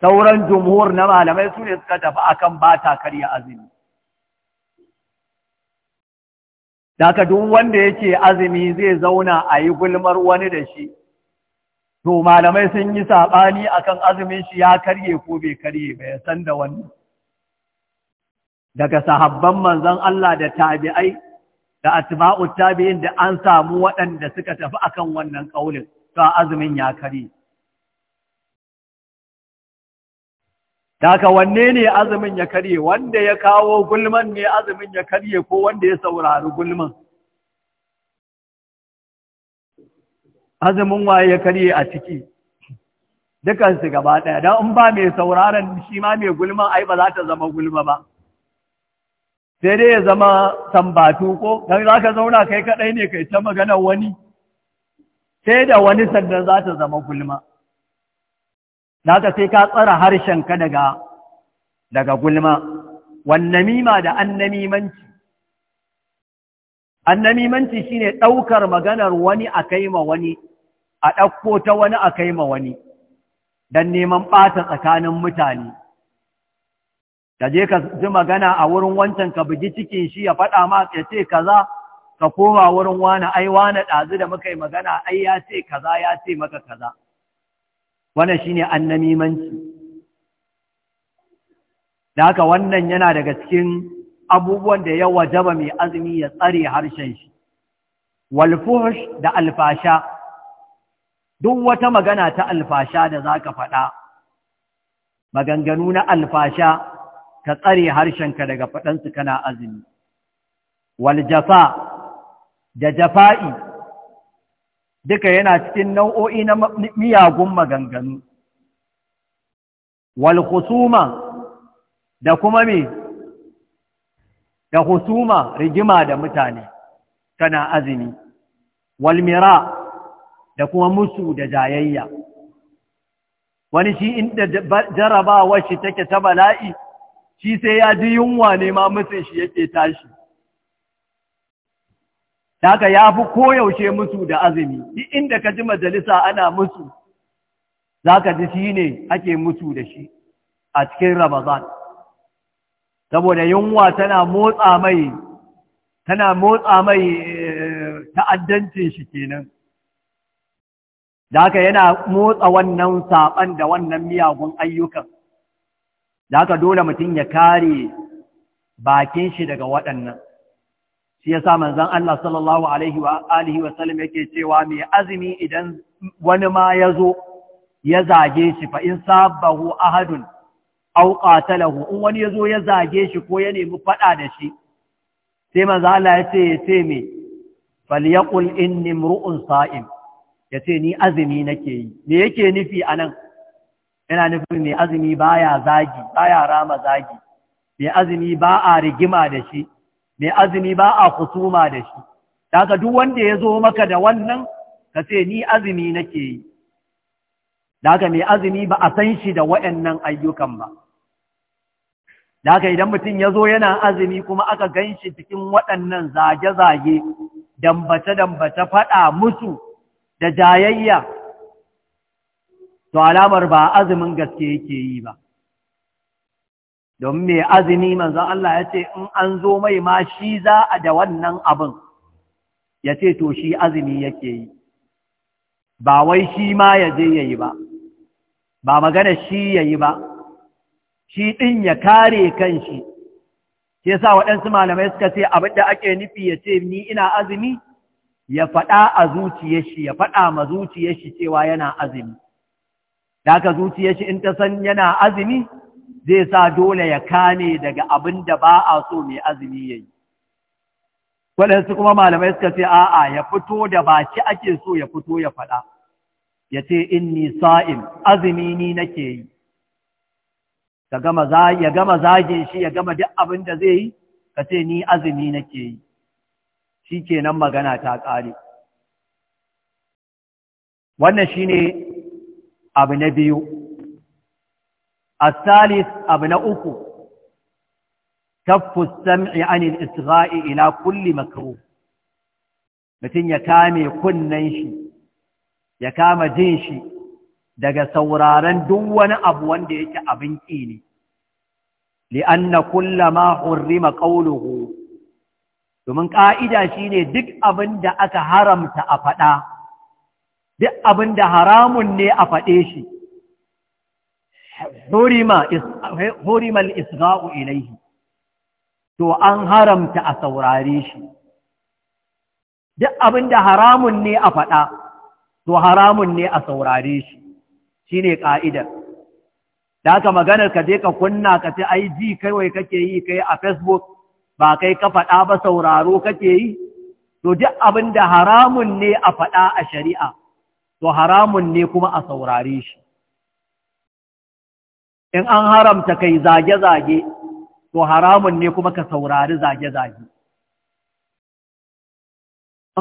sauran jumhur na malamai su ne suka tafi akan ba ta karya azumi daga duk wanda yake azumi zai zauna a yi gulmar wani da shi, to malamai sun yi saɓani akan azumin shi ya karye ko bai karye ba ya san da wannan. Daga sahabban manzon Allah da tabi'ai da atba'u tabi'in da an samu waɗanda suka tafi akan wannan kaulin to azumin ya kare daga wanne ne azumin ya karye wanda ya kawo gulman ne azumin ya karye ko wanda ya saurari gulman azumin waye ya karye a ciki dukansu gaba ɗaya don in ba mai sauraron shi ma mai gulman ai ba za ta zama gulma ba sai dai ya zama sambatu ko don za ka zauna kai kaɗai ne kai ta maganar wani sai da wani sannan za ta zama gulma ka sai ka tsara harshenka daga daga gulma wannamima da annamimanci annamimanci shine ɗaukar maganar wani a kaima wani a ɗauko ta wani a kaima wani don neman ɓata tsakanin mutane ka je ka ji magana a wurin wancan ka bugi cikin shi ya faɗa ma ya ce kaza ka koma wurin wani ai wani ɗazu da muka yi magana ai ya ce kaza ya ce maka kaza wannan shine annamimanci da haka wannan yana daga cikin abubuwan da ya wajaba mai azumi ya tsare harshen shi walfush da alfasha duk wata magana ta alfasha da za ka faɗa maganganu na alfasha ka tsare harshenka daga faɗansu kana azumi Waljafa jafa da jafa'i duka yana cikin nau'o'i na miyagun maganganu wal da kuma me da husuma rigima da mutane kana azumi Walmira mira da kuma musu da jayayya wani shi inda jarabawar shi take ta bala'i shi sai ya ji yunwa ne ma mutum shi yake tashi Daga ya fi koyaushe musu da azumi duk inda ka ji majalisa ana musu za ka ji shi ne ake musu da shi a cikin ramazan saboda yunwa tana motsa mai tana motsa mai eh, ta'addancin shi kenan da yana motsa wannan saɓan da wannan miyagun ayyukan da haka dole mutum ya kare bakin shi daga waɗannan shi yasa manzon Allah sallallahu alaihi wa wa yake cewa mai azumi idan wani ma yazo ya zage shi fa in sabahu ahadun aw qatalahu in wani yazo ya zage shi ko ya nemi faɗa da shi sai manzon Allah ya ce sai me falyaqul inni mru'un sa'im yace ni azumi nake yi me yake nufi anan yana nufin mai azumi ba ya zagi ba ya rama zagi mai azumi ba a rigima da shi mai azumi ba a kusuma da shi daga duk wanda ya zo maka da wannan ka ce ni azumi nake yi daga mai azumi ba a san shi da waɗannan ayyukan ba daga idan mutum ya zo yana azumi kuma aka gan shi cikin waɗannan zage-zage dambace-dambace faɗa musu da jayayya to alamar ba azumin gaske yake yi ba don mai azumi manzo Allah ya ce in an zo mai ma shi za a da wannan abin ya ce to shi azumi yake yi ba wai shi ma ya je ya yi ba ba magana shi ya yi ba shi ɗin ya kare kan shi ke sa waɗansu malamai suka ce abin da ake nufi ya ce ni ina azumi ya faɗa a zuciyar shi ya faɗa ma zuciyar shi cewa yana azumi da ka zuciya shi in ta san yana azumi zai sa dole ya kame daga abin da ba a so mai azumi ya yi waɗansu kuma malamai suka ce a'a ya fito da baki ake so ya fito ya faɗa ya ce in nisa'in azumi ni nake yi ya gama zagin shi ya gama duk abin da zai yi ka ce ni azumi nake yi shi kenan magana ta ƙare wannan shi ne. abu na biyu الثالث أبن uku كف السمع عن الإصغاء إلى kulli مكروه mutum ya kame kunnen shi ya kama jin shi daga sauraron duk wani abu wanda yake abin ƙini ne ma kullama hurrima qawluhu domin ƙa'ida shine duk abin da aka haramta a faɗa duk abin da haramun ne a faɗe shi horimal isra'u ilaihi to an haramta a saurare shi duk abin da haramun ne a faɗa to haramun ne a saurare shi shi ne ƙa'idar da aka maganar ka je ka kunna ka ce ai ji kawai kake yi kai a facebook ba kai ka faɗa ba sauraro kake yi to duk abin da haramun ne a faɗa a shari'a to haramun ne kuma a saurare shi in an haramta kai zage-zage to haramun ne kuma ka saurari zage-zage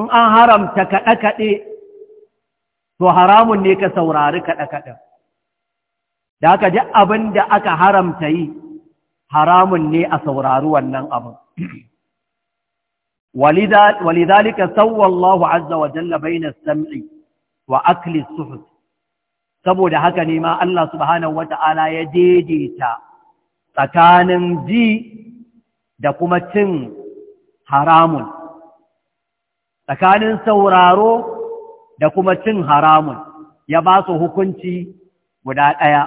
in an haramta kaɗe-kaɗe to haramun ne ka saurari kaɗe-kaɗe da aka ji abin da aka haramta yi haramun ne a saurari wannan abin walidhalika sawwa Allahu azza wa jalla bayna as-sam'i wa akli suhut saboda haka ne ma Allah subhanahu wata'ala ya daidaita tsakanin ji da kuma cin haramun tsakanin sauraro da kuma cin haramun ya ba su hukunci guda ɗaya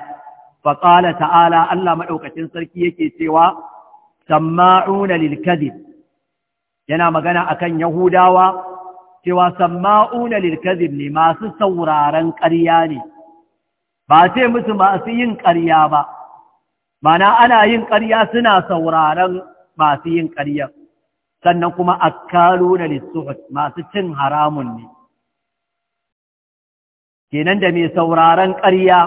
faƙala ta'ala Allah maɗaukacin sarki yake cewa sama'una lil kadhib yana magana akan yahudawa cewa samma'una lilkazib ne masu sauraren ƙarya ne ba ce musu masu yin ƙarya ba mana ana yin ƙarya suna sauraren masu yin ƙarya sannan kuma akkalu na lissuhut masu cin haramun ne kenan da mai sauraren ƙarya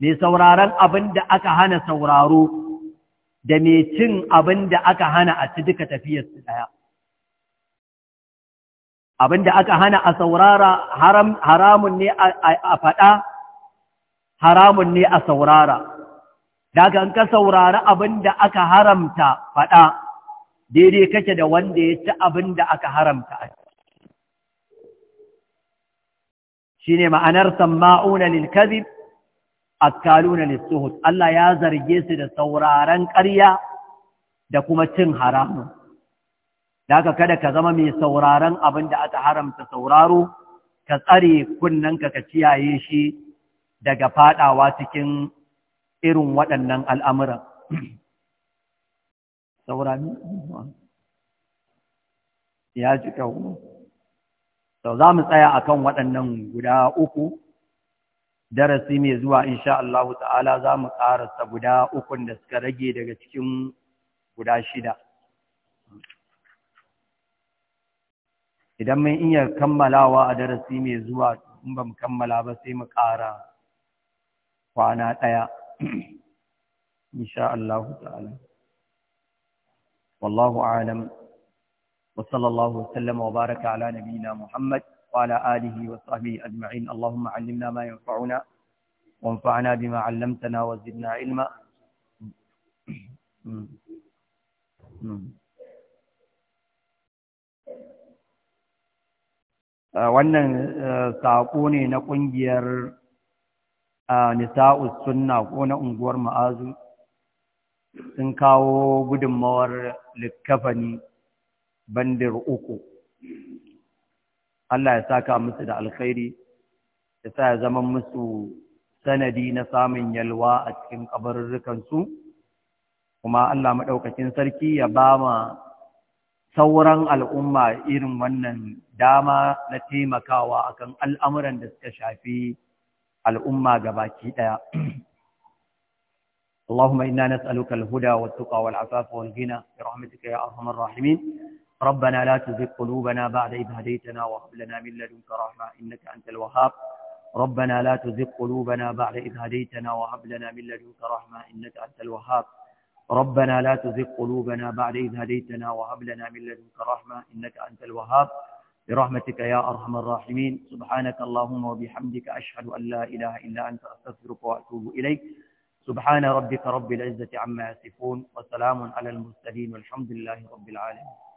mai sauraren abin da aka hana sauraro da mai cin abin da aka hana a ci duka tafiyarsu ɗaya abinda aka hana a saurara haramun ne a faɗa haramun ne a saurara daga an ka saurari abinda aka haramta faɗa daidai kake da wanda ya ci abinda aka haramta a shi ne ma'anar samma'una a kaluna lissuhud Allah ya zarge su da sauraren ƙarya da kuma cin haramun da kada ka zama mai sauraron abin da aka haramta sauraro ka tsare kunnanka ka kiyaye shi daga fadawa cikin irin waɗannan al'amuran ya ji kawo sau za mu tsaya akan waɗannan guda uku darasi mai zuwa insha Allah ta'ala za mu ƙarasa guda ukun da suka rage daga cikin guda shida idan mun iya kammalawa a darasi mai zuwa in ba mu kammala ba sai mu ƙara kwana ɗaya insha Allah ta'ala wallahu alam wa sallallahu wa wa baraka ala nabiyyina Muhammad wa ala alihi wa sahbihi ajma'in Allahumma 'allimna ma yanfa'una وانفعنا بما علمتنا وزدنا علما Eh, wannan eh, saƙo ne na ƙungiyar eh, nisa'us sunna ko na unguwar ma'azu sun kawo gudunmawar likkafani bandir uku Allah ya saka musu da alkhairi ya sa ya zama musu sanadi na samun yalwa a cikin kabarurrukansu kuma Allah maɗaukacin sarki ya ba ma sauran al'umma irin wannan dama na taimakawa akan al'amuran da suka shafi al'umma gabaki ɗaya. اللهم إنا نسألك الهدى والتقى والعفاف والغنى برحمتك يا أرحم الراحمين ربنا لا تزغ قلوبنا بعد إذ هديتنا وهب لنا من لدنك رحمة إنك أنت الوهاب ربنا لا تزغ قلوبنا بعد إذ هديتنا وهب لنا من لدنك رحمة إنك أنت الوهاب ربنا لا تزغ قلوبنا بعد إذ هديتنا وهب لنا من لدنك رحمة إنك أنت الوهاب برحمتك يا أرحم الراحمين سبحانك اللهم وبحمدك أشهد أن لا إله إلا أنت أستغفرك وأتوب إليك سبحان ربك رب العزة عما يصفون وسلام على المرسلين والحمد لله رب العالمين